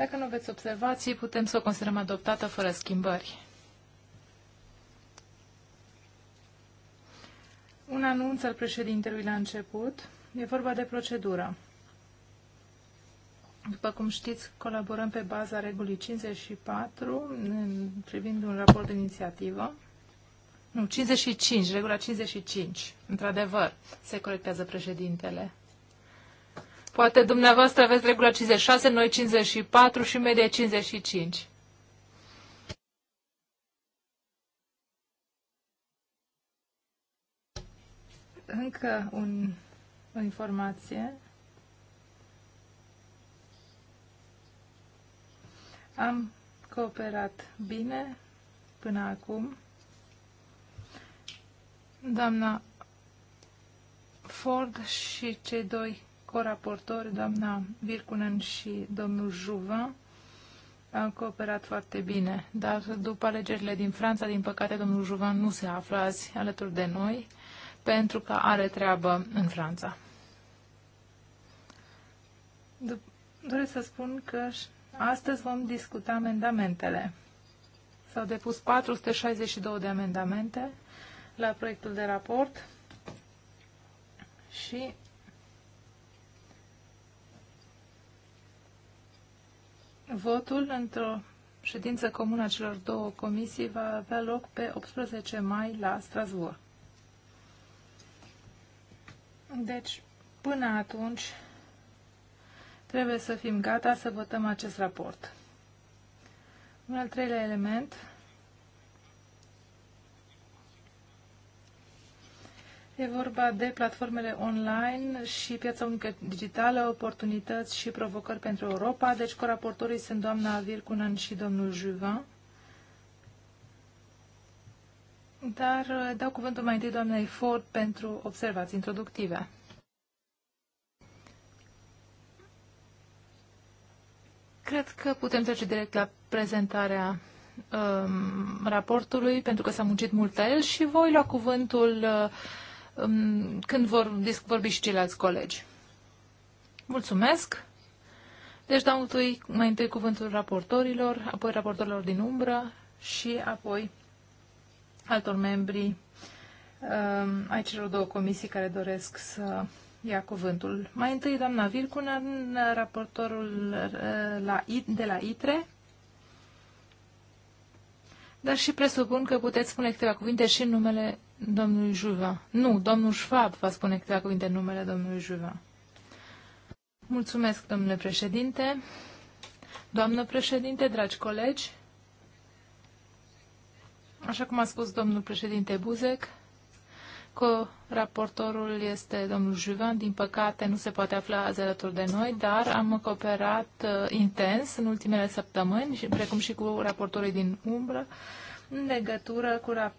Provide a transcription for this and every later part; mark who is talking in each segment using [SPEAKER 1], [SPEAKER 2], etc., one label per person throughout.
[SPEAKER 1] Dacă nu veți observații, putem să o considerăm adoptată fără schimbări. Un anunț al președintelui la început. E vorba de procedură. După cum știți, colaborăm pe baza regulii 54 privind un raport de inițiativă. Nu, 55, regula 55. Într-adevăr, se corectează președintele. Poate dumneavoastră aveți regula 56, noi 54 și media 55. Încă un, o informație. Am cooperat bine până acum. Doamna Ford și cei doi coraportori, doamna Virkunen și domnul Juvin, au cooperat foarte bine, dar după alegerile din Franța, din păcate, domnul Juva nu se află azi alături de noi, pentru că are treabă în Franța. Doresc să spun că astăzi vom discuta amendamentele. S-au depus 462 de amendamente la proiectul de raport și Votul într-o ședință comună a celor două comisii va avea loc pe 18 mai la Strasbourg. Deci, până atunci, trebuie să fim gata să votăm acest raport. Un al treilea element E vorba de platformele online și piața unică digitală, oportunități și provocări pentru Europa. Deci coraportorii sunt doamna Vircunan și domnul Juvin. Dar uh, dau cuvântul mai întâi doamnei Ford pentru observații introductive. Cred că putem trece direct la prezentarea um, raportului, pentru că s-a muncit mult la el și voi lua cuvântul uh, Um, când vor vorbi și ceilalți colegi. Mulțumesc! Deci dau întâi, mai întâi cuvântul raportorilor, apoi raportorilor din umbră și apoi altor membri uh, ai celor două comisii care doresc să ia cuvântul. Mai întâi doamna Vircuna, raportorul uh, la, de la ITRE, dar și presupun că puteți spune câteva cuvinte și în numele domnului Juva. Nu, domnul Schwab va spune câteva cuvinte în numele domnului Juva. Mulțumesc, domnule președinte. Doamnă președinte, dragi colegi, așa cum a spus domnul președinte Buzek, că raportorul este domnul Juvan, din păcate nu se poate afla azi alături de noi, dar am cooperat uh, intens în ultimele săptămâni, precum și cu raportorii din umbră, în legătură cu rap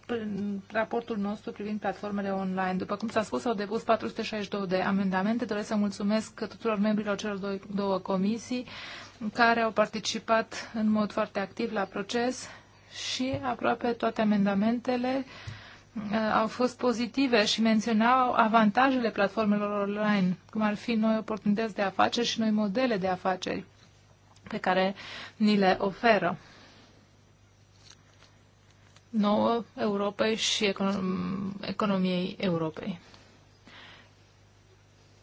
[SPEAKER 1] raportul nostru privind platformele online. După cum s-a spus, au depus 462 de amendamente. Doresc să mulțumesc tuturor membrilor celor două, două comisii care au participat în mod foarte activ la proces și aproape toate amendamentele uh, au fost pozitive și menționau avantajele platformelor online, cum ar fi noi oportunități de afaceri și noi modele de afaceri pe care ni le oferă nouă Europei și econom- economiei Europei.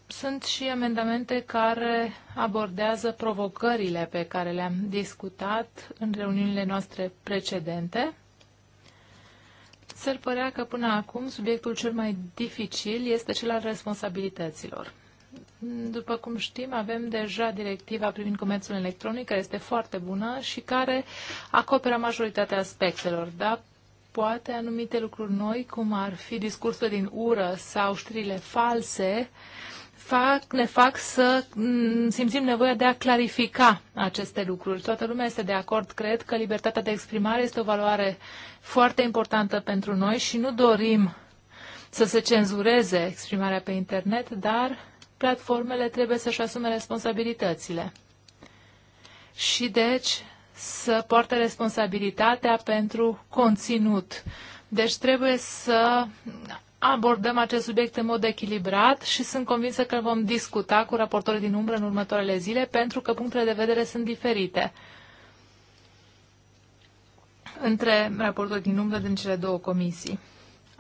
[SPEAKER 1] Sunt și amendamente care abordează provocările pe care le-am discutat în reuniunile noastre precedente. S-ar părea că până acum subiectul cel mai dificil este cel al responsabilităților. După cum știm, avem deja directiva privind comerțul electronic, care este foarte bună și care acoperă majoritatea aspectelor, dar poate anumite lucruri noi, cum ar fi discursul din ură sau știrile false, fac, ne fac să mm, simțim nevoia de a clarifica aceste lucruri. Toată lumea este de acord, cred, că libertatea de exprimare este o valoare foarte importantă pentru noi și nu dorim să se cenzureze exprimarea pe internet, dar platformele trebuie să-și asume responsabilitățile. Și deci să poarte responsabilitatea pentru conținut. Deci trebuie să abordăm acest subiect în mod echilibrat și sunt convinsă că vom discuta cu raportorii din umbră în următoarele zile pentru că punctele de vedere sunt diferite între raportul din umbră din cele două comisii.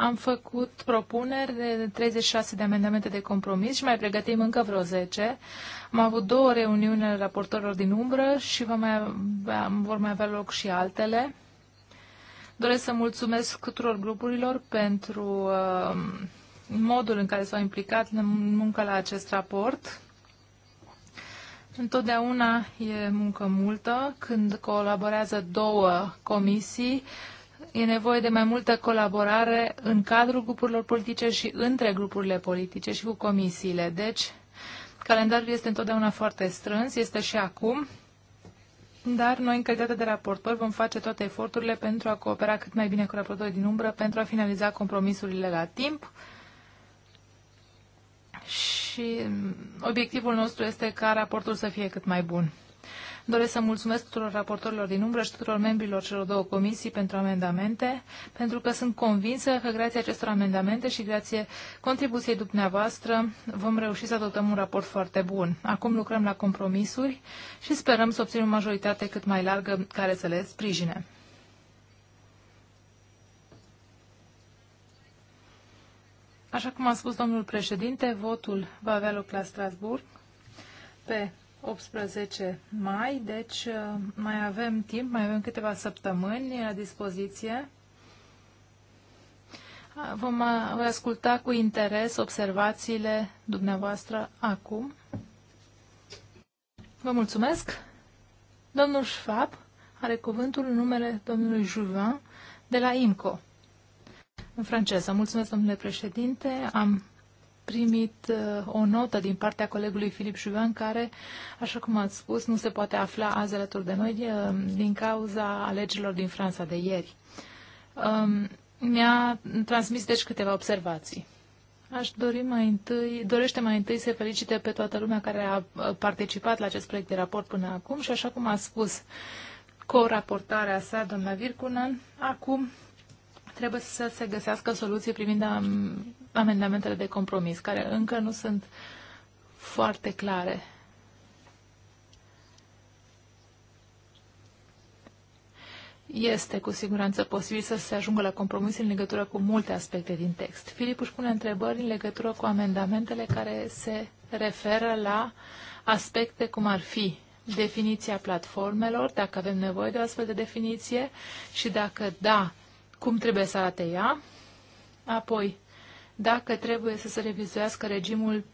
[SPEAKER 1] Am făcut propuneri de 36 de amendamente de compromis și mai pregătim încă vreo 10. Am avut două reuniuni ale raportorilor din umbră și vom mai, vor mai avea loc și altele. Doresc să mulțumesc tuturor grupurilor pentru uh, modul în care s-au implicat în munca la acest raport. Întotdeauna e muncă multă când colaborează două comisii. Uh, E nevoie de mai multă colaborare în cadrul grupurilor politice și între grupurile politice și cu comisiile. Deci, calendarul este întotdeauna foarte strâns, este și acum, dar noi, în calitate de raportor, vom face toate eforturile pentru a coopera cât mai bine cu raportorii din umbră, pentru a finaliza compromisurile la timp. Și mm, obiectivul nostru este ca raportul să fie cât mai bun. Doresc să mulțumesc tuturor raportorilor din umbră și tuturor membrilor celor două comisii pentru amendamente, pentru că sunt convinsă că grație acestor amendamente și grație contribuției dumneavoastră vom reuși să adoptăm un raport foarte bun. Acum lucrăm la compromisuri și sperăm să obținem o majoritate cât mai largă care să le sprijine. Așa cum a spus domnul președinte, votul va avea loc la Strasburg pe 18 mai, deci uh, mai avem timp, mai avem câteva săptămâni la dispoziție. Vom asculta cu interes observațiile dumneavoastră acum. Vă mulțumesc. Domnul Schwab are cuvântul în numele domnului Juvin de la IMCO. În franceză. Mulțumesc, domnule președinte. Am primit uh, o notă din partea colegului Filip Juvan, care, așa cum ați spus, nu se poate afla azi alături de noi uh, din cauza alegerilor din Franța de ieri. Um, mi-a transmis, deci, câteva observații. Aș dori mai întâi, dorește mai întâi să felicite pe toată lumea care a uh, participat la acest proiect de raport până acum și așa cum a spus co-raportarea sa, doamna Vircunan, acum trebuie să se găsească soluții privind amendamentele de compromis, care încă nu sunt foarte clare. Este cu siguranță posibil să se ajungă la compromis în legătură cu multe aspecte din text. Filip își pune întrebări în legătură cu amendamentele care se referă la aspecte cum ar fi definiția platformelor, dacă avem nevoie de o astfel de definiție și dacă da, cum trebuie să arate ea, apoi dacă trebuie să se revizuiască regimul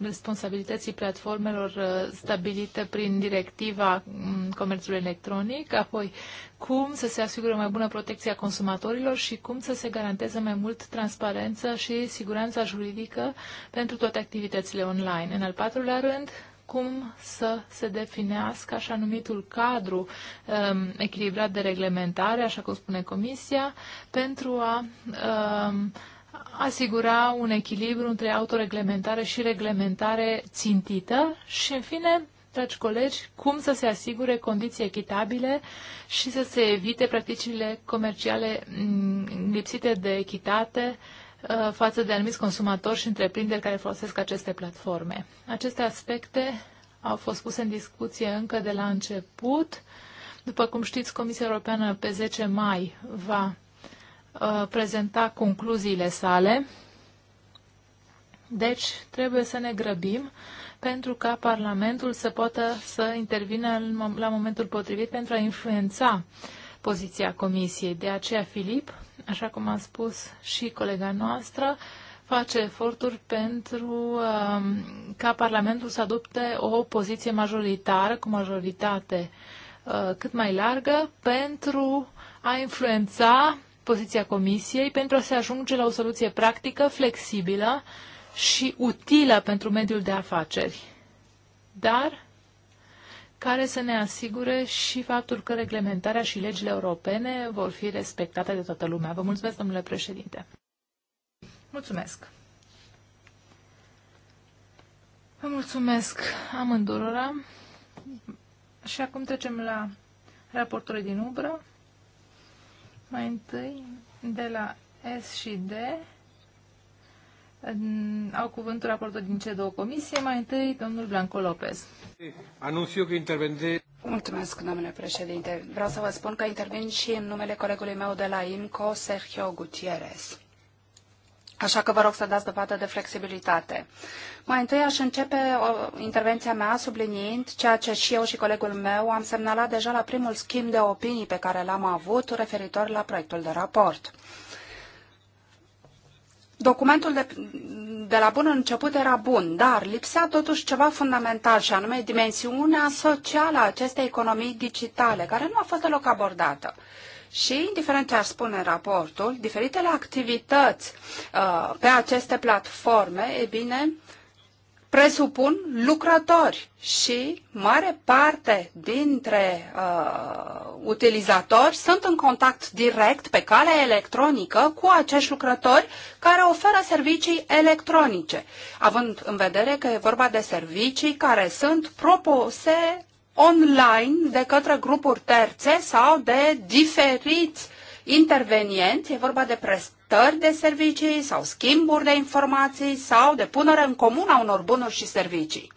[SPEAKER 1] responsabilității platformelor uh, stabilită prin directiva mm, comerțului electronic, apoi cum să se asigure mai bună protecția consumatorilor și cum să se garanteze mai mult transparență și siguranța juridică pentru toate activitățile online. În al patrulea rând, cum să se definească așa numitul cadru um, echilibrat de reglementare, așa cum spune Comisia, pentru a um, asigura un echilibru între autoreglementare și reglementare țintită și, în fine, dragi colegi, cum să se asigure condiții echitabile și să se evite practicile comerciale mm, lipsite de echitate Uh, față de anumiți consumatori și întreprinderi care folosesc aceste platforme. Aceste aspecte au fost puse în discuție încă de la început. După cum știți, Comisia Europeană pe 10 mai va uh, prezenta concluziile sale. Deci, trebuie să ne grăbim pentru ca Parlamentul să poată să intervină la momentul potrivit pentru a influența poziția Comisiei. De aceea, Filip, așa cum a spus și colega noastră, face eforturi pentru um, ca Parlamentul să adopte o poziție majoritară, cu majoritate uh, cât mai largă, pentru a influența poziția Comisiei, pentru a se ajunge la o soluție practică, flexibilă și utilă pentru mediul de afaceri. Dar care să ne asigure și faptul că reglementarea și legile europene vor fi respectate de toată lumea. Vă mulțumesc, domnule președinte. Mulțumesc. Vă mulțumesc amândurora. Și acum trecem la raportul din umbră. Mai întâi de la S și D, au cuvântul raportul din cele două Comisie. Mai întâi, domnul Blanco Lopez.
[SPEAKER 2] Anunțiu că intervende... Mulțumesc, domnule președinte. Vreau să vă spun că intervin și în numele colegului meu de la IMCO, Sergio Gutierrez. Așa că vă rog să dați dovadă de flexibilitate. Mai întâi aș începe o, intervenția mea subliniind ceea ce și eu și colegul meu am semnalat deja la primul schimb de opinii pe care l-am avut referitor la proiectul de raport documentul de, de la bun început era bun, dar lipsea totuși ceva fundamental și anume dimensiunea socială a acestei economii digitale, care nu a fost deloc abordată. Și, indiferent ce ar spune raportul, diferitele activități uh, pe aceste platforme, e bine, presupun lucrători și mare parte dintre uh, utilizatori sunt în contact direct pe cale electronică cu acești lucrători care oferă servicii electronice, având în vedere că e vorba de servicii care sunt propuse online de către grupuri terțe sau de diferiți intervenienți, e vorba de contractări de servicii sau schimburi de informații sau de punere în comun a unor bunuri și servicii.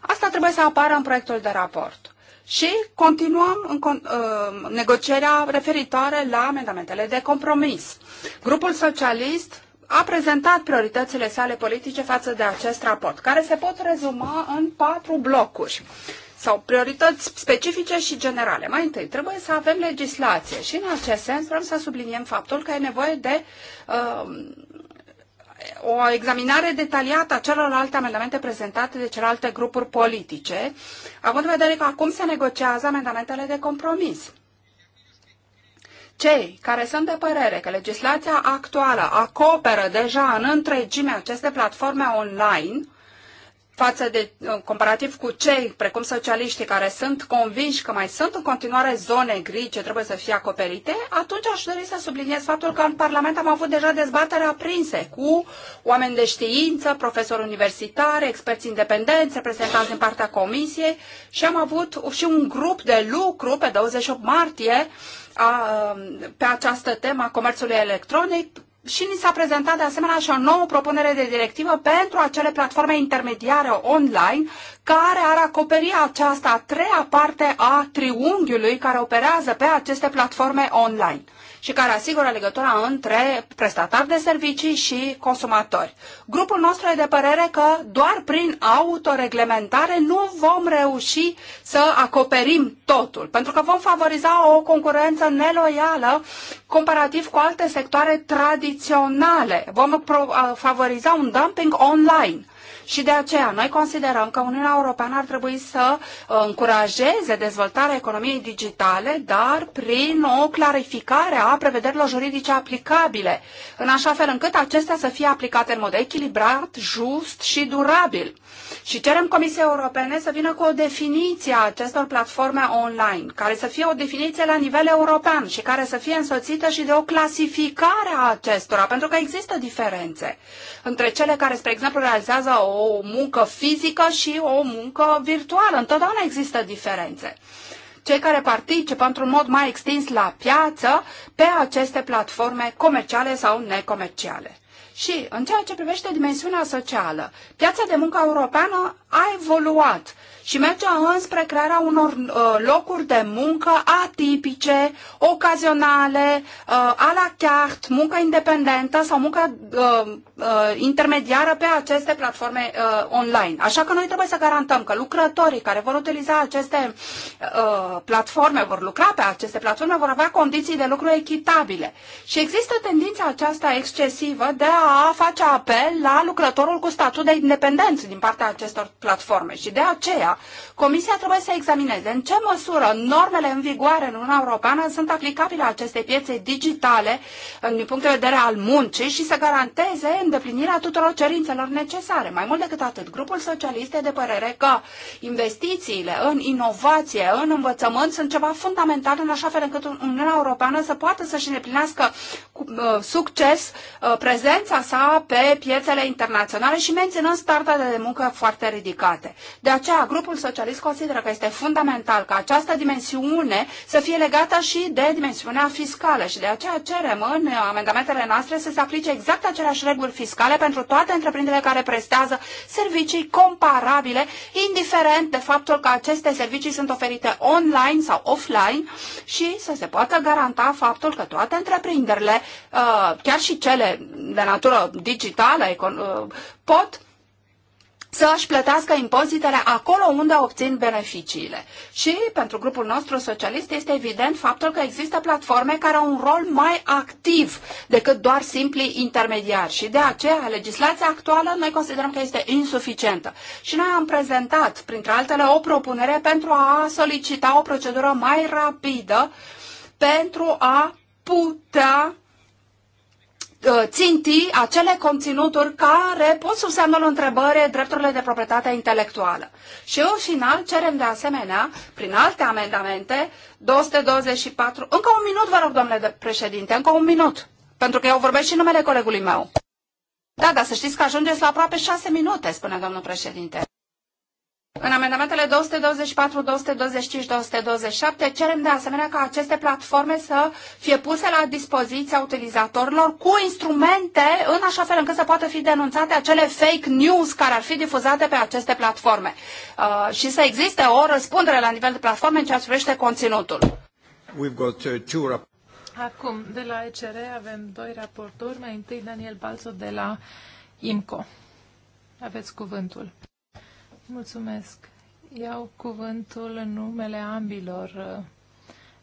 [SPEAKER 2] Asta trebuie să apară în proiectul de raport. Și continuăm în con- uh, negocierea referitoare la amendamentele de compromis. Grupul socialist a prezentat prioritățile sale politice față de acest raport, care se pot rezuma în patru blocuri sau priorități specifice și generale. Mai întâi, trebuie să avem legislație și în acest sens vrem să subliniem faptul că e nevoie de uh, o examinare detaliată a celorlalte amendamente prezentate de celelalte grupuri politice, având în vedere că acum se negociază amendamentele de compromis. Cei care sunt de părere că legislația actuală acoperă deja în întregime aceste platforme online, față de, uh, comparativ cu cei precum socialiștii care sunt convinși că mai sunt în continuare zone gri ce trebuie să fie acoperite, atunci aș dori să subliniez faptul că în Parlament am avut deja dezbatere aprinse cu oameni de știință, profesori universitari, experți independenți, reprezentanți din partea Comisiei și am avut și un grup de lucru pe 28 martie a, um, pe această temă a comerțului electronic și ni s-a prezentat de asemenea și o nouă propunere de directivă pentru acele platforme intermediare online care ar acoperi această a treia parte a triunghiului care operează pe aceste platforme online și care asigură legătura între prestatari de servicii și consumatori. Grupul nostru e de părere că doar prin autoreglementare nu vom reuși să acoperim totul, pentru că vom favoriza o concurență neloială comparativ cu alte sectoare tradiționale tradiționale. Vom favoriza un dumping online. Și de aceea noi considerăm că Uniunea Europeană ar trebui să uh, încurajeze dezvoltarea economiei digitale, dar prin o clarificare a prevederilor juridice aplicabile, în așa fel încât acestea să fie aplicate în mod echilibrat, just și durabil și cerem Comisiei Europene să vină cu o definiție a acestor platforme online, care să fie o definiție la nivel european și care să fie însoțită și de o clasificare a acestora, pentru că există diferențe între cele care, spre exemplu, realizează o muncă fizică și o muncă virtuală. Întotdeauna există diferențe cei care participă într-un mod mai extins la piață pe aceste platforme comerciale sau necomerciale. Și în ceea ce privește dimensiunea socială, piața de muncă europeană a evoluat și merge înspre crearea unor uh, locuri de muncă atipice, ocazionale, uh, a la carte, muncă independentă sau muncă uh, uh, intermediară pe aceste platforme uh, online. Așa că noi trebuie să garantăm că lucrătorii care vor utiliza aceste uh, platforme, vor lucra pe aceste platforme, vor avea condiții de lucru echitabile. Și există tendința aceasta excesivă de a face apel la lucrătorul cu statut de independență din partea acestor platforme. Și de aceea, Comisia trebuie să examineze în ce măsură normele în vigoare în Uniunea Europeană sunt aplicabile acestei piețe digitale din punct de vedere al muncii și să garanteze îndeplinirea tuturor cerințelor necesare. Mai mult decât atât, grupul socialist e de părere că investițiile în inovație, în învățământ sunt ceva fundamental în așa fel încât Uniunea Europeană să poată să-și îndeplinească cu uh, succes uh, prezența sa pe piețele internaționale și menținând standarde de muncă foarte ridicate. De aceea, grupul socialist consideră că este fundamental ca această dimensiune să fie legată și de dimensiunea fiscală și de aceea cerem în amendamentele noastre să se aplice exact aceleași reguli fiscale pentru toate întreprinderile care prestează servicii comparabile, indiferent de faptul că aceste servicii sunt oferite online sau offline și să se poată garanta faptul că toate întreprinderile, uh, chiar și cele de natură digitală, uh, pot să-și plătească impozitele acolo unde obțin beneficiile. Și pentru grupul nostru socialist este evident faptul că există platforme care au un rol mai activ decât doar simpli intermediari și de aceea legislația actuală noi considerăm că este insuficientă. Și noi am prezentat, printre altele, o propunere pentru a solicita o procedură mai rapidă pentru a putea Uh, ținti acele conținuturi care pot sub semnul întrebării drepturile de proprietate intelectuală. Și în final cerem de asemenea, prin alte amendamente, 224... Încă un minut, vă rog, domnule președinte, încă un minut, pentru că eu vorbesc și numele colegului meu. Da, dar să știți că ajungeți la aproape șase minute, spune domnul președinte. În amendamentele 224, 225, 227 cerem de asemenea ca aceste platforme să fie puse la dispoziția utilizatorilor cu instrumente în așa fel încât să poată fi denunțate acele fake news care ar fi difuzate pe aceste platforme uh, și să existe o răspundere la nivel de platforme în ceea ce privește conținutul. We've got, uh, two
[SPEAKER 1] Acum, de la ECR avem doi raporturi. mai întâi Daniel Balzo de la IMCO. Aveți cuvântul. Mulțumesc. Iau cuvântul în numele ambilor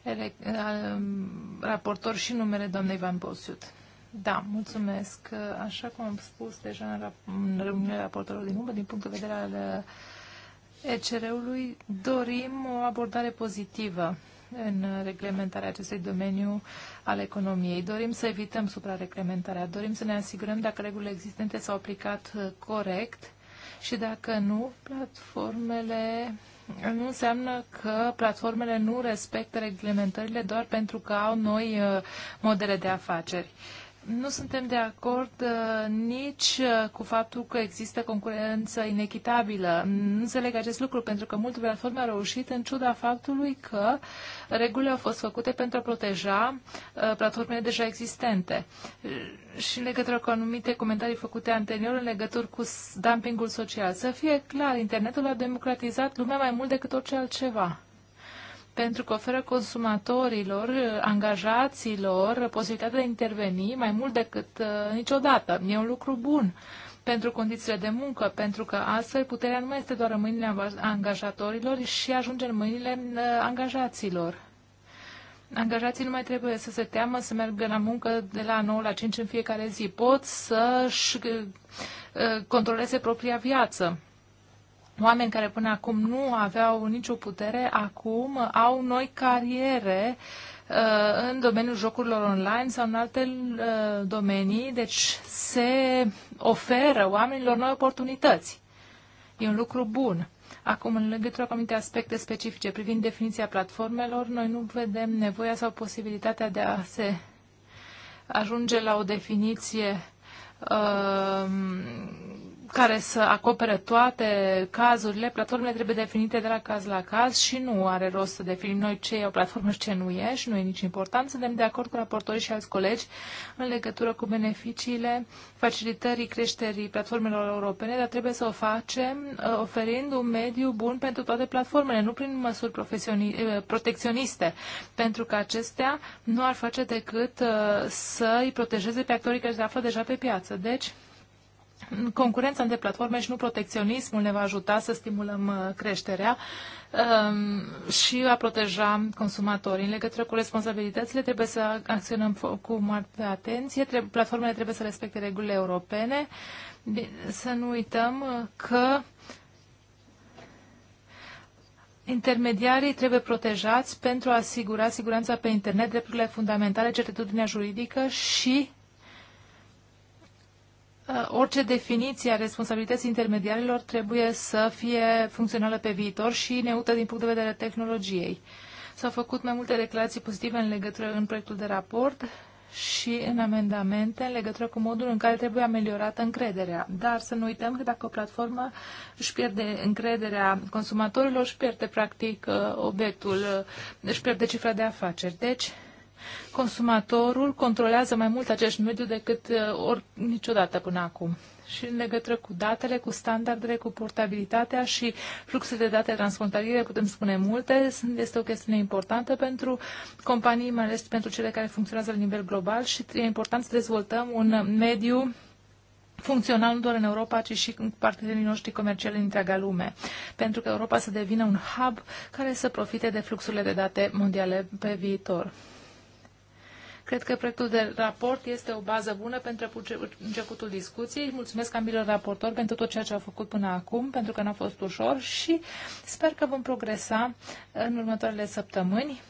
[SPEAKER 1] uh, um, raportor și numele doamnei Van Bosut. Da, mulțumesc. Uh, așa cum am spus deja în, rap- în reuniunea raportorului din urmă, din punct de vedere al uh, ECR-ului, dorim o abordare pozitivă în reglementarea acestui domeniu al economiei. Dorim să evităm suprareglementarea, dorim să ne asigurăm dacă regulile existente s-au aplicat corect și dacă nu, platformele nu înseamnă că platformele nu respectă reglementările doar pentru că au noi uh, modele de afaceri. Nu suntem de acord uh, nici uh, cu faptul că există concurență inechitabilă. Nu înțeleg acest lucru pentru că multe platforme au reușit în ciuda faptului că regulile au fost făcute pentru a proteja uh, platformele deja existente. Și în legătură cu anumite comentarii făcute anterior în legătură cu dumpingul social. Să fie clar, internetul a democratizat lumea mai mult decât orice altceva pentru că oferă consumatorilor, angajaților, posibilitatea de a interveni mai mult decât uh, niciodată. E un lucru bun pentru condițiile de muncă, pentru că astfel puterea nu mai este doar în mâinile angajatorilor și ajunge în mâinile uh, angajaților. Angajații nu mai trebuie să se teamă să meargă la muncă de la 9 la 5 în fiecare zi. Pot să-și uh, controleze propria viață Oameni care până acum nu aveau nicio putere, acum au noi cariere uh, în domeniul jocurilor online sau în alte uh, domenii, deci se oferă oamenilor noi oportunități. E un lucru bun. Acum, în legătură cu anumite aspecte specifice privind definiția platformelor, noi nu vedem nevoia sau posibilitatea de a se ajunge la o definiție uh, care să acopere toate cazurile. Platformele trebuie definite de la caz la caz și nu are rost să definim noi ce e o platformă și ce nu e și nu e nici important. Suntem de acord cu raportorii și alți colegi în legătură cu beneficiile facilitării creșterii platformelor europene, dar trebuie să o facem uh, oferind un mediu bun pentru toate platformele, nu prin măsuri uh, protecționiste, pentru că acestea nu ar face decât uh, să îi protejeze pe actorii care se află deja pe piață. Deci, Concurența între platforme și nu protecționismul ne va ajuta să stimulăm uh, creșterea um, și a proteja consumatorii. În legătură cu responsabilitățile, trebuie să acționăm cu mare atenție, platformele trebuie să respecte regulile europene, să nu uităm uh, că Intermediarii trebuie protejați pentru a asigura siguranța pe internet, drepturile fundamentale, certitudinea juridică și Uh, orice definiție a responsabilității intermediarilor trebuie să fie funcțională pe viitor și neută din punct de vedere tehnologiei. S-au făcut mai multe declarații pozitive în legătură în proiectul de raport și în amendamente în legătură cu modul în care trebuie ameliorată încrederea. Dar să nu uităm că dacă o platformă își pierde încrederea consumatorilor, își pierde practic uh, obiectul, uh, își pierde cifra de afaceri. Deci Consumatorul controlează mai mult acest mediu decât uh, ori, niciodată până acum și în legătură cu datele, cu standardele, cu portabilitatea și fluxul de date transfrontaliere, putem spune multe, este o chestiune importantă pentru companii, mai ales pentru cele care funcționează la nivel global și e important să dezvoltăm un mediu funcțional nu doar în Europa, ci și în partenerii noștri comerciali în întreaga lume, pentru că Europa să devină un hub care să profite de fluxurile de date mondiale pe viitor. Cred că proiectul de raport este o bază bună pentru începutul discuției. Mulțumesc ambilor raportori pentru tot ceea ce au făcut până acum, pentru că n-a fost ușor și sper că vom progresa în următoarele săptămâni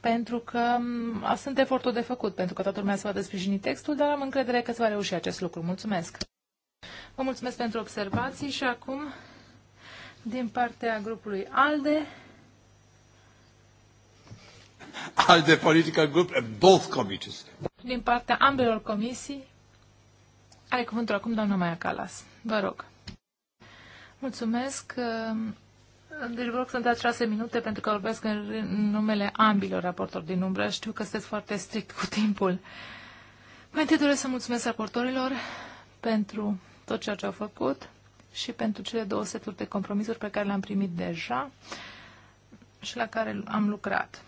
[SPEAKER 1] pentru că mm, sunt efortul de făcut, pentru că toată lumea se va desprijini textul, dar am încredere că se va reuși acest lucru. Mulțumesc! Vă mulțumesc pentru observații și acum, din partea grupului ALDE,
[SPEAKER 2] ALDE political group and both committees.
[SPEAKER 1] Din partea ambelor comisii, are cuvântul acum doamna Maia Calas. Vă rog. Mulțumesc. Uh, deci vă rog să-mi dați șase minute pentru că vorbesc în numele ambilor raportori din umbră. Știu că sunteți foarte strict cu timpul. Mai întâi doresc să mulțumesc raportorilor pentru tot ceea ce au făcut și pentru cele două seturi de compromisuri pe care le-am primit deja și la care am lucrat.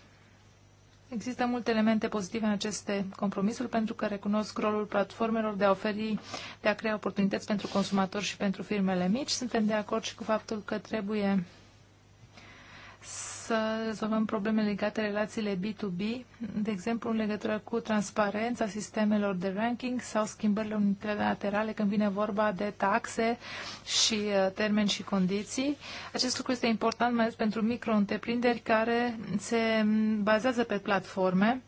[SPEAKER 1] Există multe elemente pozitive în aceste compromisuri pentru că recunosc rolul platformelor de a oferi, de a crea oportunități pentru consumatori și pentru firmele mici. Suntem de acord și cu faptul că trebuie să rezolvăm probleme legate relațiile B2B, de exemplu în legătură cu transparența sistemelor de ranking sau schimbările unilaterale când vine vorba de taxe și uh, termeni și condiții. Acest lucru este important mai ales pentru micro care se mm, bazează pe platforme.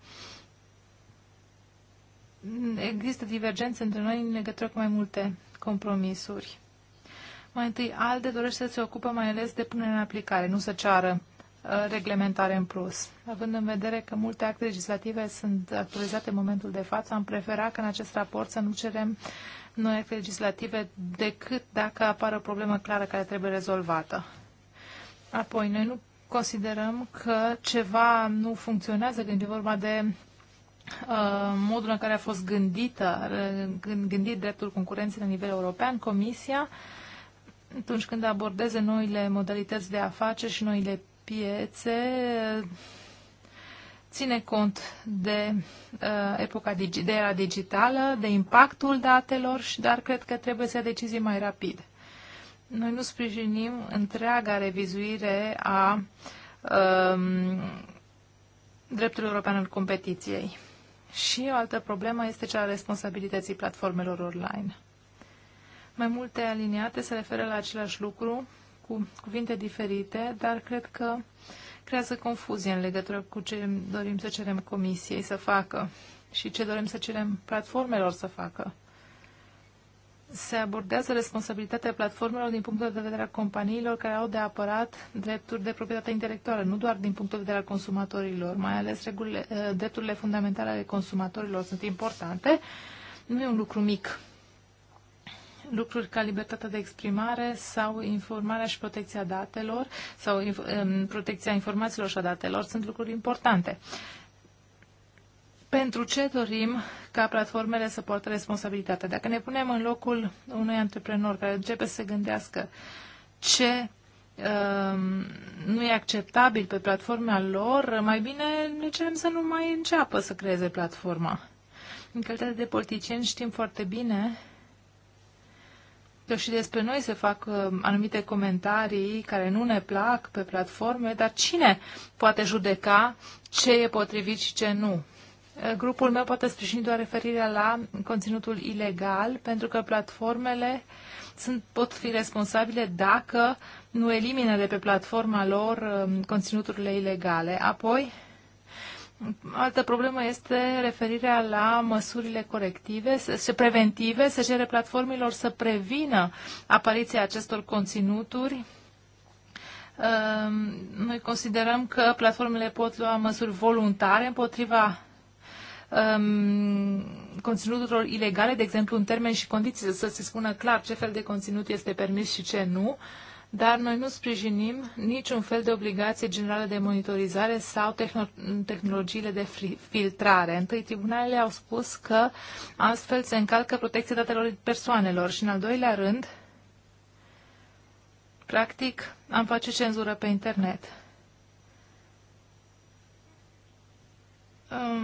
[SPEAKER 1] Există divergențe între noi în legătură cu mai multe compromisuri. Mai întâi, ALDE dorește să se ocupe mai ales de punerea în aplicare, nu să ceară Uh, reglementare în plus. Având în vedere că multe acte legislative sunt actualizate în momentul de față, am preferat că în acest raport să nu cerem noi acte legislative decât dacă apare o problemă clară care trebuie rezolvată. Apoi, noi nu considerăm că ceva nu funcționează când e vorba de uh, modul în care a fost gândită, gândit dreptul concurenței la nivel european, Comisia, atunci când abordeze noile modalități de afaceri și noile piețe ține cont de uh, epoca digi- de era digitală, de impactul datelor, și dar cred că trebuie să ia decizii mai rapid. Noi nu sprijinim întreaga revizuire a um, uh, dreptului european al competiției. Și o altă problemă este cea a responsabilității platformelor online. Mai multe aliniate se referă la același lucru, cu cuvinte diferite, dar cred că creează confuzie în legătură cu ce dorim să cerem comisiei să facă și ce dorim să cerem platformelor să facă. Se abordează responsabilitatea platformelor din punctul de vedere al companiilor care au de apărat drepturi de proprietate intelectuală, nu doar din punctul de vedere al consumatorilor, mai ales regulile, eh, drepturile fundamentale ale consumatorilor sunt importante. Nu e un lucru mic lucruri ca libertatea de exprimare sau informarea și protecția datelor sau protecția informațiilor și a datelor sunt lucruri importante. Pentru ce dorim ca platformele să poartă responsabilitatea? Dacă ne punem în locul unui antreprenor care începe să gândească ce um, nu e acceptabil pe platforma lor, mai bine ne cerem să nu mai înceapă să creeze platforma. În calitate de politicieni știm foarte bine și despre noi se fac uh, anumite comentarii care nu ne plac pe platforme, dar cine poate judeca ce e potrivit și ce nu? Uh, grupul meu poate sprijini doar referirea la conținutul ilegal, pentru că platformele sunt, pot fi responsabile dacă nu elimină de pe platforma lor um, conținuturile ilegale. Apoi, Altă problemă este referirea la măsurile corective, se preventive, se cere platformelor să prevină apariția acestor conținuturi. Ehm, noi considerăm că platformele pot lua măsuri voluntare împotriva ehm, conținuturilor ilegale, de exemplu, în termeni și condiții, să se spună clar ce fel de conținut este permis și ce nu. Uh, dar noi nu sprijinim niciun fel de obligație generală de monitorizare sau tehno- tehnologiile de filtrare. Întâi, tribunalele au spus că astfel se încalcă protecția datelor persoanelor și, în al doilea rând, practic, am face cenzură pe internet. um,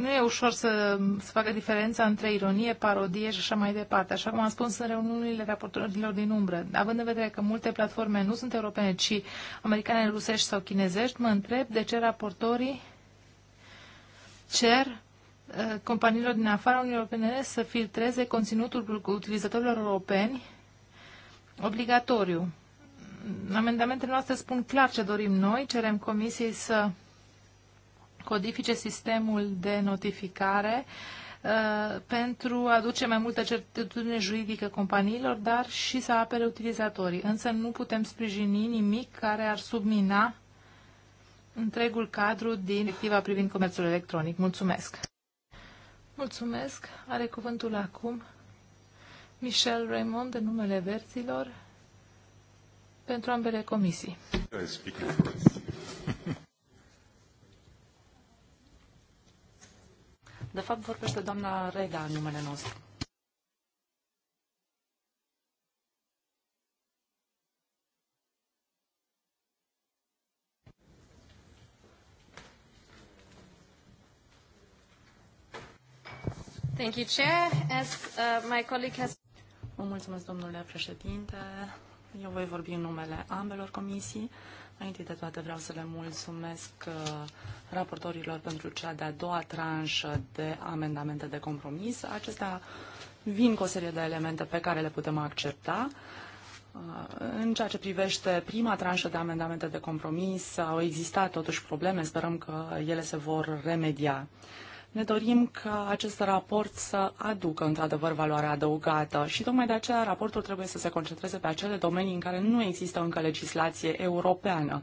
[SPEAKER 1] nu e ușor să, să facă diferența între ironie, parodie și așa mai departe. Așa cum am spus în reuniunile raportorilor din umbră, având în vedere că multe platforme nu sunt europene, ci americane, rusești sau chinezești, mă întreb de ce raportorii cer uh, companiilor din afara Uniunii Europene să filtreze conținutul utilizatorilor europeni obligatoriu. Amendamentele noastre spun clar ce dorim noi, cerem comisiei să codifice sistemul de notificare uh, pentru a aduce mai multă certitudine juridică companiilor, dar și să apere utilizatorii. Însă nu putem sprijini nimic care ar submina întregul cadru din directiva privind comerțul electronic. Mulțumesc! Mulțumesc! Are cuvântul acum Michel Raymond, de numele verților pentru ambele comisii.
[SPEAKER 3] De fapt, vorbește doamna Reda în numele nostru. Thank you, Chair. As uh, my colleague has... Vă mulțumesc, domnule președinte. Eu voi vorbi în numele ambelor comisii. Înainte de toate vreau să le mulțumesc uh, raportorilor pentru cea de-a doua tranșă de amendamente de compromis. Acestea vin cu o serie de elemente pe care le putem accepta. Uh, în ceea ce privește prima tranșă de amendamente de compromis, au existat totuși probleme, sperăm că ele se vor remedia. Ne dorim ca acest raport să aducă într-adevăr valoare adăugată și tocmai de aceea raportul trebuie să se concentreze pe acele domenii în care nu există încă legislație europeană.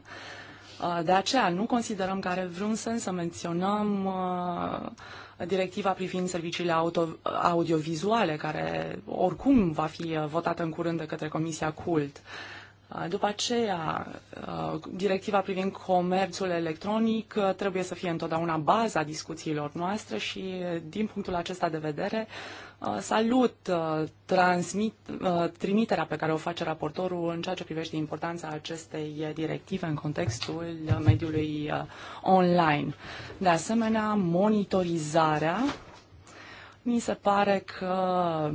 [SPEAKER 3] Uh, de aceea nu considerăm că are vreun sens să menționăm uh, directiva privind serviciile auto, audiovizuale, care oricum va fi uh, votată în curând de către Comisia CULT. Uh, Uh, după aceea, uh, directiva privind comerțul electronic uh, trebuie să fie întotdeauna baza discuțiilor noastre și, din punctul acesta de vedere, salut transmit, trimiterea pe care o face raportorul în ceea ce privește importanța acestei directive în contextul mediului online. De asemenea, monitorizarea mi se pare că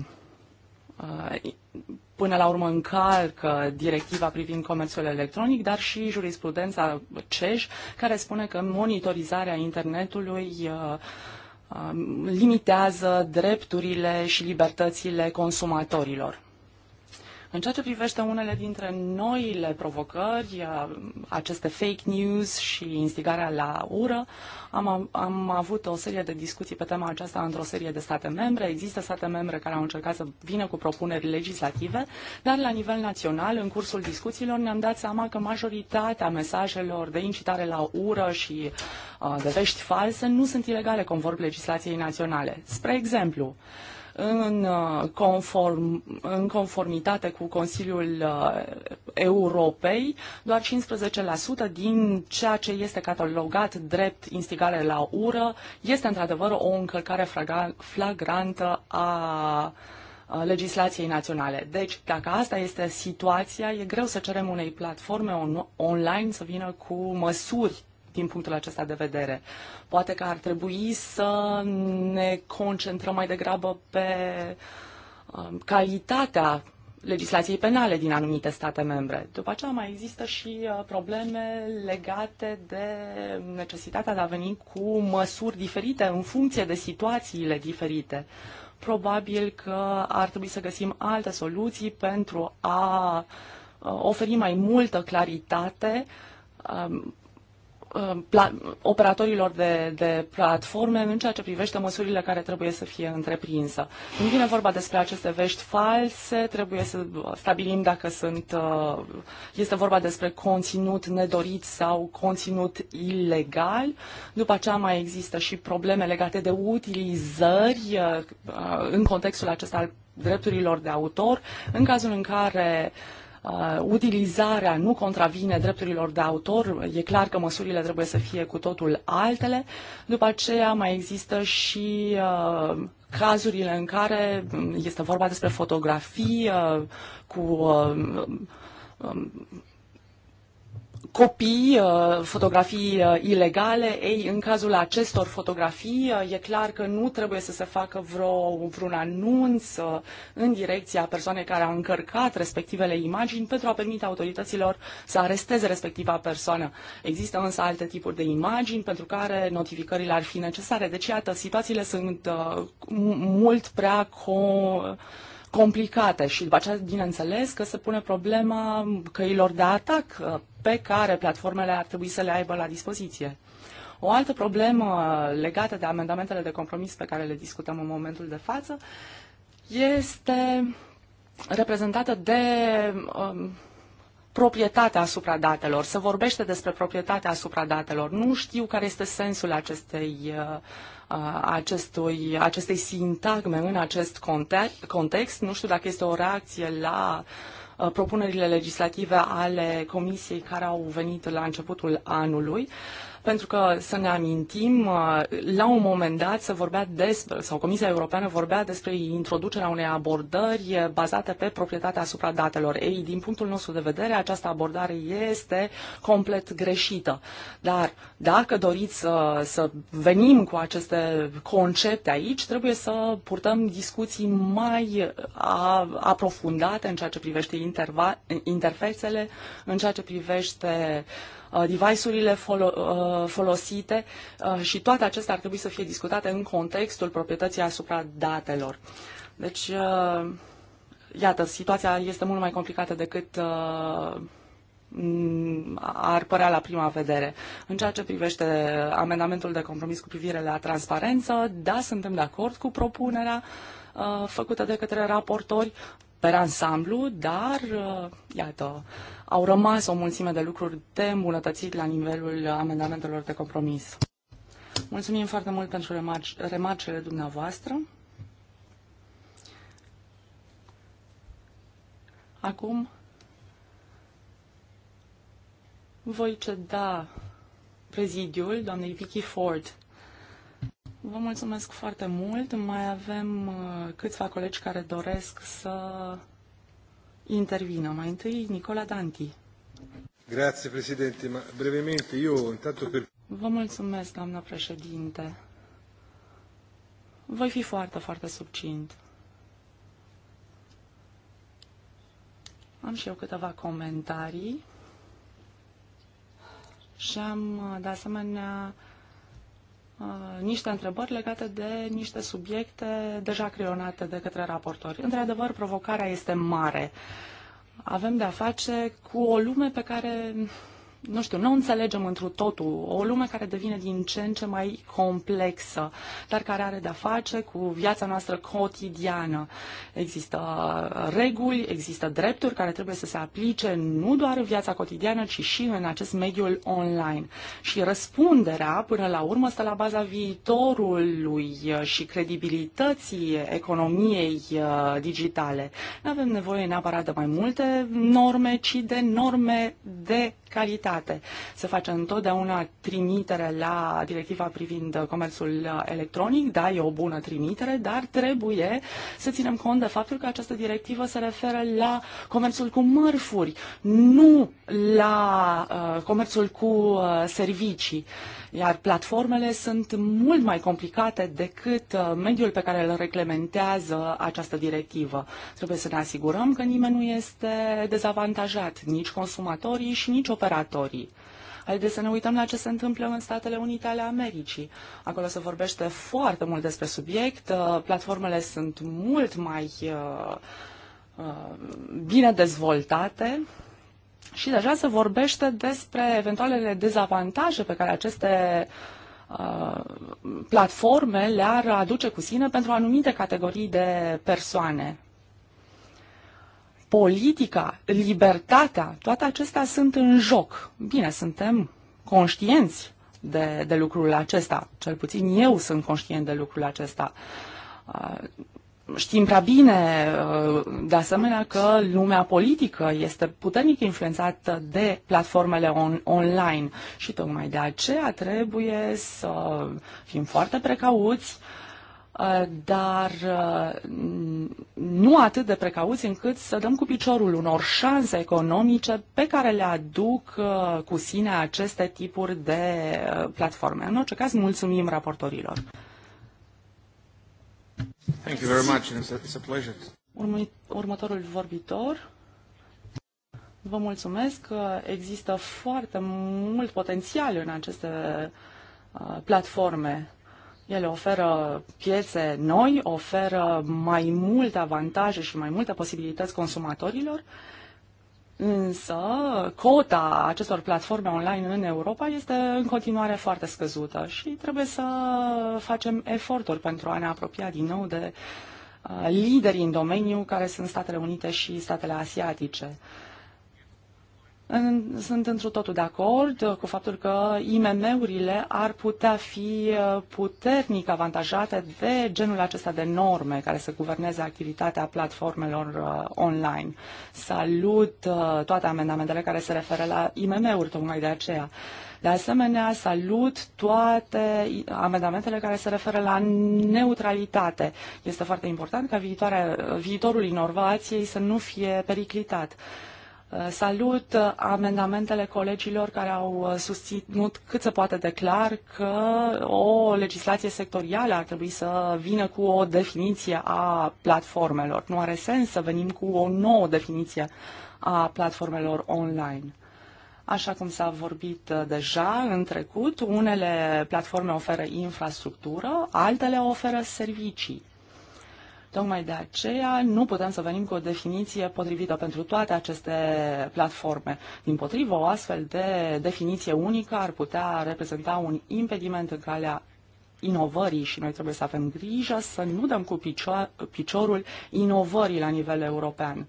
[SPEAKER 3] până la urmă încalcă directiva privind comerțul electronic, dar și jurisprudența CEJ, care spune că monitorizarea internetului uh, uh, limitează drepturile și libertățile consumatorilor. În ceea ce privește unele dintre noile provocări, aceste fake news și instigarea la ură, am, am avut o serie de discuții pe tema aceasta într-o serie de state membre. Există state membre care au încercat să vină cu propuneri legislative, dar la nivel național, în cursul discuțiilor, ne-am dat seama că majoritatea mesajelor de incitare la ură și uh, de vești false nu sunt ilegale conform legislației naționale. Spre exemplu, uh, în, uh, conform, în conformitate cu Consiliul uh, Europei, doar 15% din ceea ce este catalogat drept instigare la ură este într-adevăr o încălcare flagrantă a legislației naționale. Deci, dacă asta este situația, e greu să cerem unei platforme on- online să vină cu măsuri din punctul acesta de vedere. Poate că ar trebui să ne concentrăm mai degrabă pe um, calitatea legislației penale din anumite state membre. După aceea mai există și uh, probleme legate de necesitatea de a veni cu măsuri diferite în funcție de situațiile diferite. Probabil că ar trebui să găsim alte soluții pentru a uh, oferi mai multă claritate um, Uh, operatorilor de, de platforme în ceea ce privește măsurile care trebuie să fie întreprinsă. Nu vine vorba despre aceste vești false, trebuie să stabilim dacă sunt, uh, este vorba despre conținut nedorit sau conținut ilegal. După aceea mai există și probleme legate de utilizări uh, în contextul acesta al drepturilor de autor, în cazul în care uh, uh, utilizarea nu contravine drepturilor de autor, e clar că măsurile trebuie să fie cu totul altele. După aceea mai există și uh, cazurile în care um, este vorba despre fotografii uh, cu uh, um, um, copii, uh, fotografii uh, ilegale, ei, în cazul acestor fotografii, uh, e clar că nu trebuie să se facă vreo, vreun anunț în direcția persoanei care a încărcat respectivele imagini pentru a permite autorităților să aresteze respectiva persoană. Există însă alte tipuri de imagini pentru care notificările ar fi necesare. Deci, iată, situațiile sunt mult prea co- complicate și după aceea, bineînțeles, că se pune problema căilor de atac uh, pe care platformele ar trebui să le aibă la dispoziție. O altă problemă legată de amendamentele de compromis pe care le discutăm în momentul de față este reprezentată de um, proprietatea asupra datelor. Se vorbește despre proprietatea asupra datelor. Nu știu care este sensul acestei uh, acestui, acestei sintagme în acest context. Nu știu dacă este o reacție la propunerile legislative ale Comisiei care au venit la începutul anului. Uh, pentru că, să ne amintim, uh, la un moment dat se vorbea despre, sau Comisia Europeană vorbea despre introducerea unei abordări bazate pe proprietatea asupra datelor. Ei, din punctul nostru de vedere, această abordare este complet greșită. Dar dacă doriți să, să venim cu aceste concepte aici, trebuie să purtăm discuții mai uh, aprofundate în ceea ce privește interfețele, în ceea ce privește uh, Uh, device-urile folo- uh, folosite uh, și toate acestea ar trebui să fie discutate în contextul proprietății asupra datelor. Deci, iată, situația este mult mai complicată decât ar părea la prima vedere. În ceea ce privește amendamentul de compromis cu privire la transparență, da, suntem de acord cu propunerea făcută de către raportori pe ansamblu, dar, uh, iată, au rămas o mulțime de lucruri de îmbunătățit la nivelul amendamentelor de compromis. Mulțumim foarte mult pentru remarcele dumneavoastră. Acum voi ceda prezidiul doamnei Vicky Ford Vă mulțumesc foarte mult. Mai avem uh, câțiva colegi care doresc să intervină. Mai întâi Nicola Danti. Grazie, președinte. Ma brevemente, eu intanto per... Vă mulțumesc, doamna președinte. Voi fi foarte, foarte subcint. Am și eu câteva comentarii și am, de asemenea, Uh, niște întrebări legate de niște subiecte deja creionate de către raportori. Într-adevăr, provocarea este mare. Avem de-a face cu o lume pe care nu știu, nu înțelegem întru totul o lume care devine din ce în ce mai complexă, dar care are de-a face cu viața noastră cotidiană. Există uh, reguli, există drepturi care trebuie să se aplice nu doar în viața cotidiană, ci și în acest mediul online. Și răspunderea, până la urmă, stă la baza viitorului și credibilității economiei uh, digitale. Nu avem nevoie neapărat de mai multe norme, ci de norme de calitate securitate. Se face întotdeauna trimitere la directiva privind comerțul electronic, da, e o bună trimitere, dar trebuie să ținem cont de faptul că această directivă se referă la comerțul cu mărfuri, nu la uh, comerțul cu uh, servicii. Uh, iar platformele sunt mult mai complicate decât uh, mediul pe care îl reglementează această directivă. Trebuie să ne asigurăm că nimeni nu este dezavantajat, nici consumatorii și nici operatorii. Haideți să ne uităm la ce se întâmplă în Statele Unite ale Americii. Acolo se vorbește foarte mult despre subiect, uh, platformele sunt mult mai uh, bine dezvoltate, și deja se vorbește despre eventualele dezavantaje pe care aceste uh, platforme le-ar aduce cu sine pentru anumite categorii de persoane. Politica, libertatea, toate acestea sunt în joc. Bine, suntem conștienți de, de lucrul acesta, cel puțin eu sunt conștient de lucrul acesta. Uh, Știm prea bine, uh, de asemenea, că lumea politică este puternic influențată de platformele on- online și tocmai de aceea trebuie să fim foarte precauți, uh, dar uh, nu atât de precauți încât să dăm cu piciorul unor șanse economice pe care le aduc cu sine aceste tipuri de platforme. În orice caz, mulțumim raportorilor.
[SPEAKER 2] Thank you very much. It's a, it's a pleasure.
[SPEAKER 3] Următorul vorbitor. Vă mulțumesc. Există foarte mult potențial în aceste uh, platforme. Ele oferă piețe noi, oferă mai multe avantaje și mai multe posibilități consumatorilor Însă, cota acestor platforme online în Europa este în continuare foarte scăzută și trebuie să facem eforturi pentru a ne apropia din nou de uh, liderii în domeniu, care sunt Statele Unite și statele asiatice sunt într totul de acord uh, cu faptul că IMM-urile ar putea fi uh, puternic avantajate de genul acesta de norme care să guverneze activitatea platformelor uh, online. Salut toate amendamentele care se referă la IMM-uri tocmai de aceea. De asemenea, salut toate amendamentele care se referă la neutralitate. Este foarte important ca viitoarea, viitorul inovației să nu fie periclitat. Uh, salut uh, amendamentele colegilor care au uh, susținut cât se poate de clar că o legislație sectorială ar trebui să vină cu o definiție a platformelor. Nu are sens să venim cu o nouă definiție a platformelor online. Așa cum s-a vorbit deja în trecut, unele platforme oferă infrastructură, altele oferă servicii. Tocmai de aceea nu putem să venim cu o definiție potrivită pentru toate aceste platforme. Din potrivă, o astfel de definiție unică ar putea reprezenta un impediment în calea inovării și noi trebuie să avem grijă să nu dăm cu piciorul inovării la nivel european.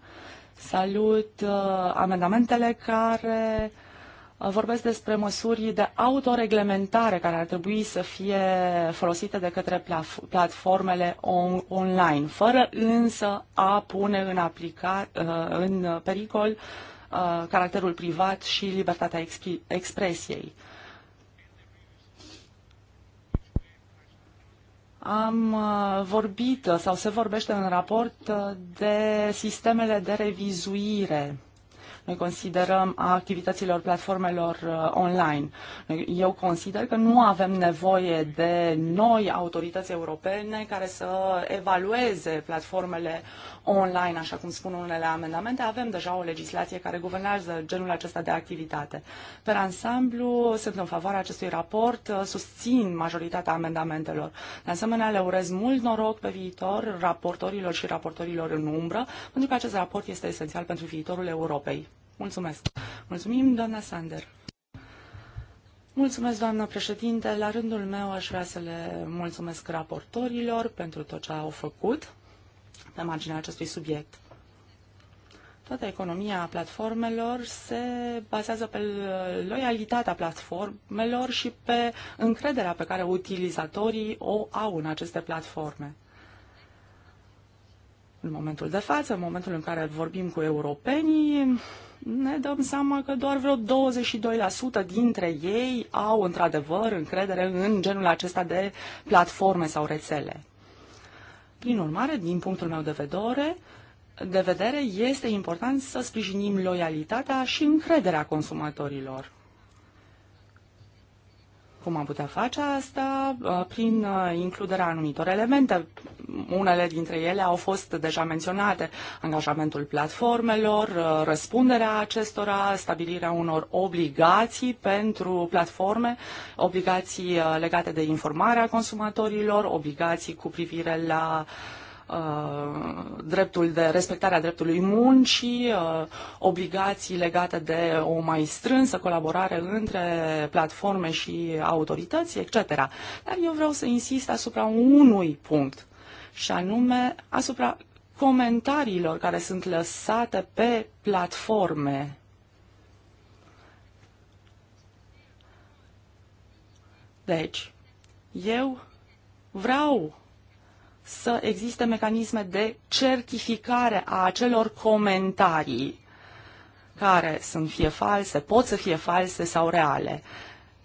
[SPEAKER 3] Salut uh, amendamentele care vorbesc despre măsuri de autoreglementare care ar trebui să fie folosite de către platformele on- online, fără însă a pune în, aplica- uh, în pericol uh, caracterul privat și libertatea expresiei. Am uh, vorbit sau se vorbește în raport de sistemele de revizuire noi considerăm a activităților platformelor uh, online. Eu consider că nu avem nevoie de noi autorități europene care să evalueze platformele online, așa cum spun unele amendamente, avem deja o legislație care guvernează genul acesta de activitate. Pe ansamblu, sunt în favoarea acestui raport, uh, susțin majoritatea amendamentelor. De asemenea, le urez mult noroc pe viitor raportorilor și raportorilor în umbră, pentru că acest raport este esențial pentru viitorul Europei. Mulțumesc! Mulțumim, doamna Sander! Mulțumesc, doamnă președinte. La rândul meu aș vrea să le mulțumesc raportorilor pentru tot ce au făcut pe marginea acestui subiect. Toată economia platformelor se bazează pe loialitatea platformelor și pe încrederea pe care utilizatorii o au în aceste platforme. În momentul de față, în momentul în care vorbim cu europenii, ne dăm seama că doar vreo 22% dintre ei au într-adevăr încredere în genul acesta de platforme sau rețele. Prin urmare, din punctul meu de vedere, de vedere, este important să sprijinim loialitatea și încrederea consumatorilor. Cum am putea face asta? Uh, prin uh, includerea anumitor elemente unele dintre ele au fost deja menționate. Angajamentul platformelor, uh, răspunderea acestora, stabilirea unor obligații pentru platforme, obligații uh, legate de informarea consumatorilor, obligații cu privire la uh, dreptul de respectarea dreptului muncii, obligații legate de o mai strânsă colaborare între platforme și autorități, etc. Dar eu vreau să insist asupra unui punct și anume asupra comentariilor care sunt lăsate pe platforme. Deci, eu vreau să existe mecanisme de certificare a acelor comentarii care sunt fie false, pot să fie false sau reale.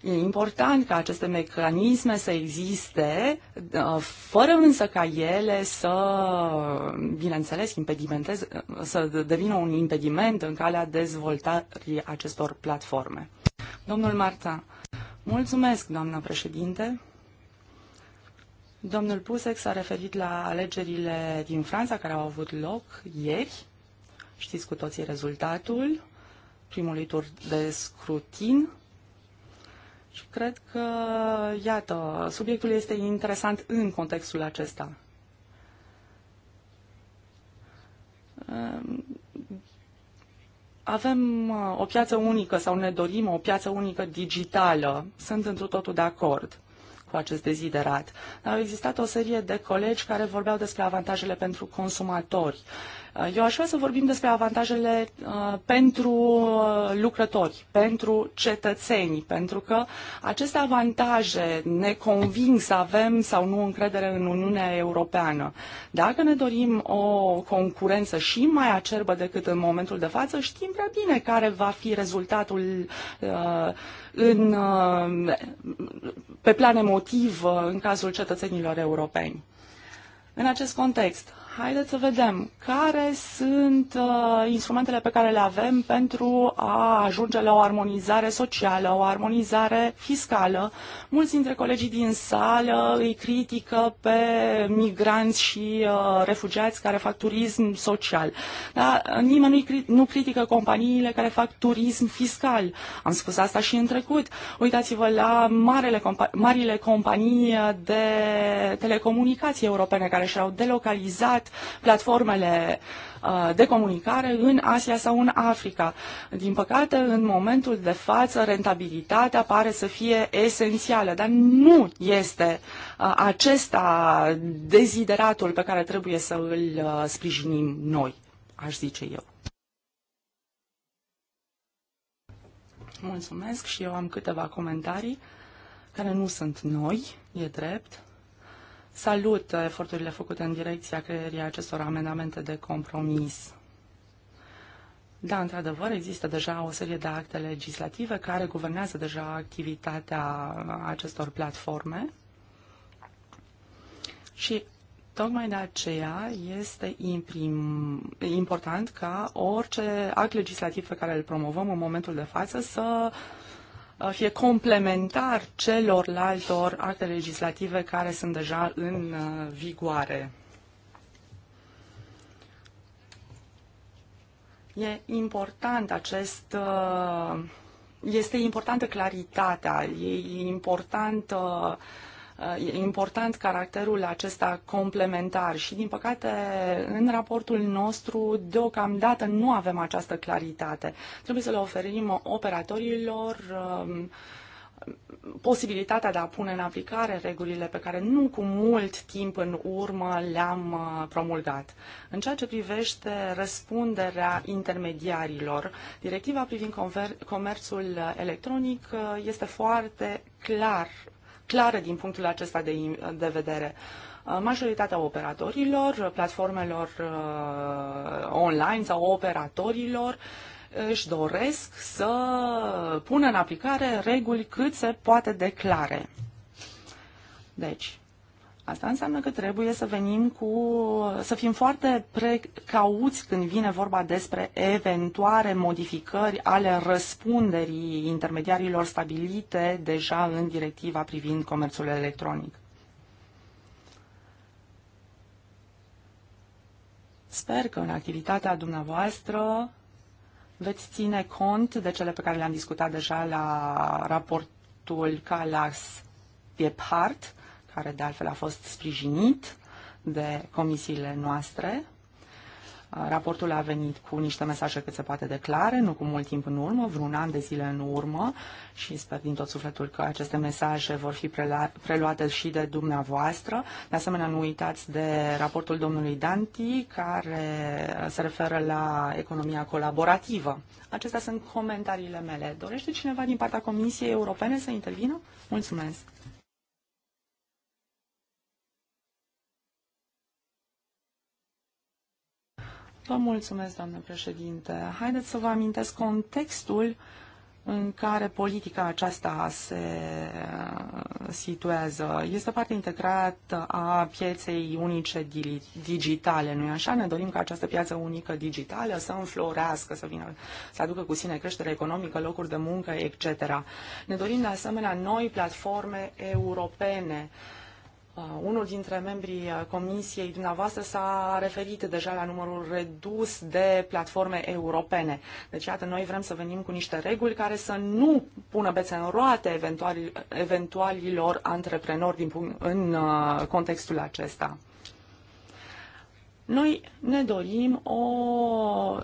[SPEAKER 3] E important ca aceste mecanisme să existe, uh, fără însă ca ele să, bineînțeles, impedimenteze, uh, să devină un impediment în calea dezvoltării acestor platforme. Domnul Marta, mulțumesc, doamnă președinte. Domnul Pusec s-a referit la alegerile din Franța care au avut loc ieri. Știți cu toții rezultatul primului tur de scrutin. Și deci, cred că, iată, subiectul este interesant în contextul acesta. Avem uh, o piață unică sau ne dorim o piață unică digitală. Sunt într totul de acord cu acest deziderat. Au existat o serie de colegi care vorbeau despre avantajele pentru consumatori. Uh, eu aș vrea să vorbim despre avantajele uh, pentru uh, lucrători, pentru cetățenii, pentru că aceste avantaje ne conving să avem sau nu încredere în Uniunea Europeană. Dacă ne dorim o concurență și mai acerbă decât în momentul de față, știm prea bine care va fi rezultatul în, pe plan emotiv în cazul cetățenilor europeni. În acest context, Haideți să vedem care sunt uh, instrumentele pe care le avem pentru a ajunge la o armonizare socială, o armonizare fiscală. Mulți dintre colegii din sală îi critică pe migranți și uh, refugiați care fac turism social. Dar nimeni nu, cri- nu critică companiile care fac turism fiscal. Am spus asta și în trecut. Uitați-vă la marele compa- marile companii de telecomunicații europene care și-au delocalizat platformele uh, de comunicare în Asia sau în Africa. Din păcate, în momentul de față, rentabilitatea pare să fie esențială, dar nu este uh, acesta dezideratul pe care trebuie să îl uh, sprijinim noi, aș zice eu. Mulțumesc și eu am câteva comentarii care nu sunt noi, e drept. Salut eforturile făcute în direcția creierii acestor amendamente de compromis. Da, într-adevăr, există deja o serie de acte legislative care guvernează deja activitatea acestor platforme și tocmai de aceea este imprim, important ca orice act legislativ pe care îl promovăm în momentul de față să uh, Uh, fie complementar celorlaltor acte legislative care sunt deja în uh, vigoare. E important acest uh, este importantă claritatea, e importantă uh, Uh, e important caracterul acesta complementar și, din păcate, în raportul nostru, deocamdată nu avem această claritate. Trebuie să le oferim operatorilor um, posibilitatea de a pune în aplicare regulile pe care nu cu mult timp în urmă le-am uh, promulgat. În ceea ce privește răspunderea intermediarilor, directiva privind comerțul electronic uh, este foarte clar clare din punctul acesta de, de vedere. Uh, majoritatea operatorilor, platformelor uh, online sau operatorilor își doresc să pună în aplicare reguli cât se poate de clare. Deci, Asta înseamnă că trebuie să venim cu, să fim foarte precauți când vine vorba despre eventuale modificări ale răspunderii intermediarilor stabilite deja în directiva privind comerțul electronic. Sper că în activitatea dumneavoastră veți ține cont de cele pe care le-am discutat deja la raportul Calas Gephardt, care de altfel a fost sprijinit de comisiile noastre. Uh, raportul a venit cu niște mesaje cât se poate de clare, nu cu mult timp în urmă, vreun an de zile în urmă și sper din tot sufletul că aceste mesaje vor fi preluate și de dumneavoastră. De asemenea, nu uitați de raportul domnului Danti, care se referă la economia colaborativă. Acestea sunt comentariile mele. Dorește cineva din partea Comisiei Europene să intervină? Mulțumesc! Vă mulțumesc, doamnă președinte. Haideți să vă amintesc contextul în care politica aceasta se uh, situează. Este parte integrată a pieței unice digitale, nu-i așa? Ne dorim ca această piață unică digitală să înflorească, să, vină, să aducă cu sine creștere economică, locuri de muncă, etc. Ne dorim de asemenea noi platforme europene uh, Uh, unul dintre membrii uh, comisiei dumneavoastră s-a referit deja la numărul redus de platforme europene. Deci, iată, noi vrem să venim cu niște reguli care să nu pună bețe în roate eventual, eventualilor antreprenori din în uh, contextul acesta. Noi ne dorim o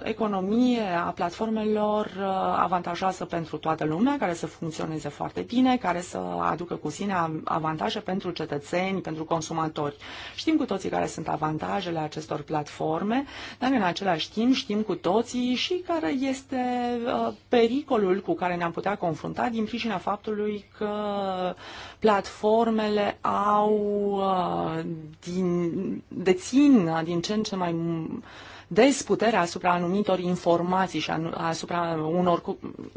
[SPEAKER 3] economie a platformelor uh, avantajoasă pentru toată lumea, care să funcționeze foarte bine, care să aducă cu sine avantaje pentru cetățeni, pentru consumatori. Știm cu toții care sunt avantajele acestor platforme, dar în același timp știm cu toții și care este uh, pericolul cu care ne-am putea confrunta din pricina faptului că platformele au uh, din, dețin din ce ce în ce mai des puterea asupra anumitor informații și asupra unor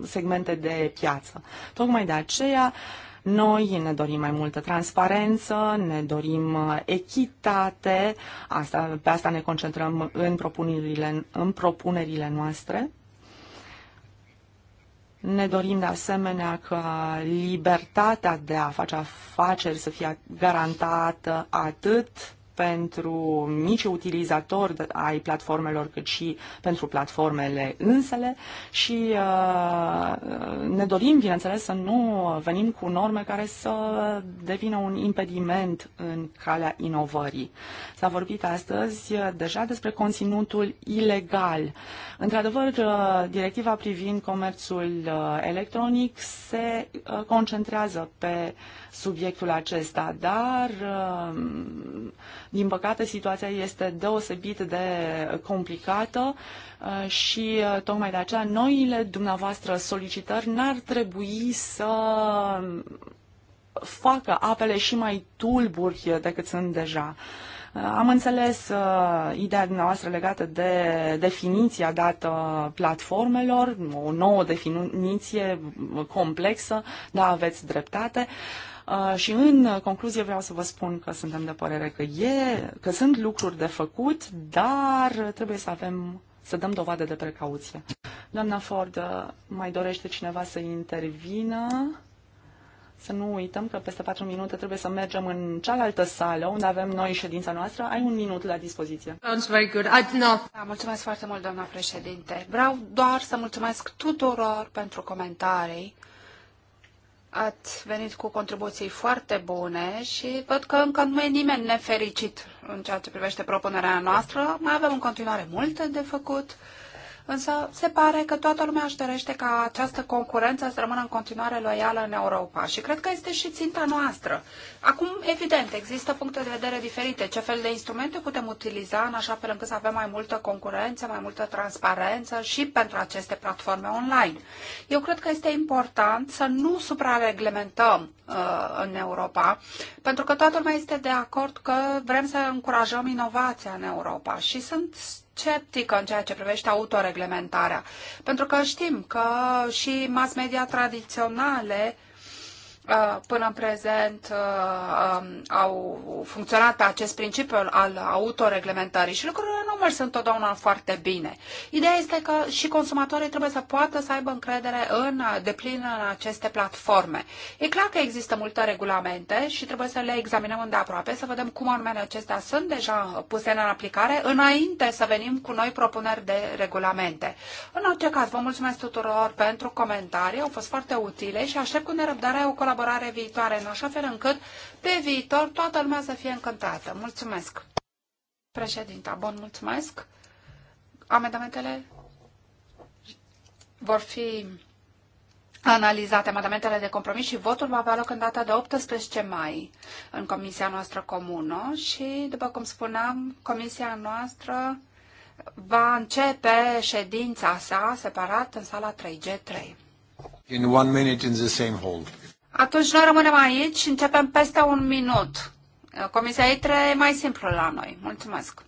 [SPEAKER 3] segmente de piață. Tocmai de aceea, noi ne dorim mai multă transparență, ne dorim uh, echitate, asta, pe asta ne concentrăm în propunerile, în propunerile noastre. Ne dorim de asemenea ca libertatea de a face afaceri să fie garantată atât pentru mici utilizatori ai platformelor, cât și pentru platformele însele și uh, ne dorim, bineînțeles, să nu venim cu norme care să devină un impediment în calea inovării. S-a vorbit astăzi deja despre conținutul ilegal. Într-adevăr, uh, directiva privind comerțul uh, electronic se concentrează pe subiectul acesta, dar din păcate, situația este deosebit de complicată uh, și uh, tocmai de aceea noile dumneavoastră solicitări n-ar trebui să facă apele și mai tulburi decât sunt deja. Uh, am înțeles uh, ideea dumneavoastră legată de definiția dată platformelor, o nouă definiție complexă, da, aveți dreptate. Uh, Uh, și în concluzie vreau să vă spun că suntem de părere că, e, că sunt lucruri de făcut, dar trebuie să avem să dăm dovadă de precauție. Doamna Ford, uh, mai dorește cineva să intervină? Să nu uităm că peste 4 minute trebuie să mergem în cealaltă sală, unde avem noi ședința noastră. Ai un minut la dispoziție.
[SPEAKER 2] Sounds very good. I, no. da, mulțumesc foarte mult, doamna președinte. Vreau doar să mulțumesc tuturor pentru comentarii ați venit cu contribuții foarte bune și văd că încă nu e nimeni nefericit în ceea ce privește propunerea noastră. Mai avem în continuare multe de făcut însă se pare că toată lumea își dorește ca această concurență să rămână în continuare loială în Europa și cred că este și ținta noastră. Acum, evident, există puncte de vedere diferite. Ce fel de instrumente putem utiliza în așa fel încât să avem mai multă concurență, mai multă transparență și pentru aceste platforme online. Eu cred că este important să nu suprareglementăm uh, în Europa, pentru că toată lumea este de acord că vrem să încurajăm inovația în Europa și sunt sceptică în ceea ce privește autoreglementarea, pentru că știm că și mass media tradiționale Uh, până în prezent uh, um, au funcționat pe acest principiu al autoreglementării și lucrurile nu merg întotdeauna foarte bine. Ideea este că și consumatorii trebuie să poată să aibă încredere în uh, deplin în aceste platforme. E clar că există multe regulamente și trebuie să le examinăm îndeaproape, să vedem cum anume acestea sunt deja puse în aplicare înainte să venim cu noi propuneri de regulamente. În orice caz, vă mulțumesc tuturor pentru comentarii, au fost foarte utile și aștept cu nerăbdare o colaborare colaborare viitoare, în așa fel încât pe viitor toată lumea să fie încântată. Mulțumesc! Președinta, bun, mulțumesc! Amendamentele vor fi analizate amendamentele de compromis și votul va avea loc în data de 18 mai în comisia noastră comună și, după cum spuneam, comisia noastră va începe ședința sa separat în sala 3G3. In one minute in the same hall. Atunci noi rămânem aici și începem peste un minut. Comisia E3 e mai simplu la noi. Mulțumesc!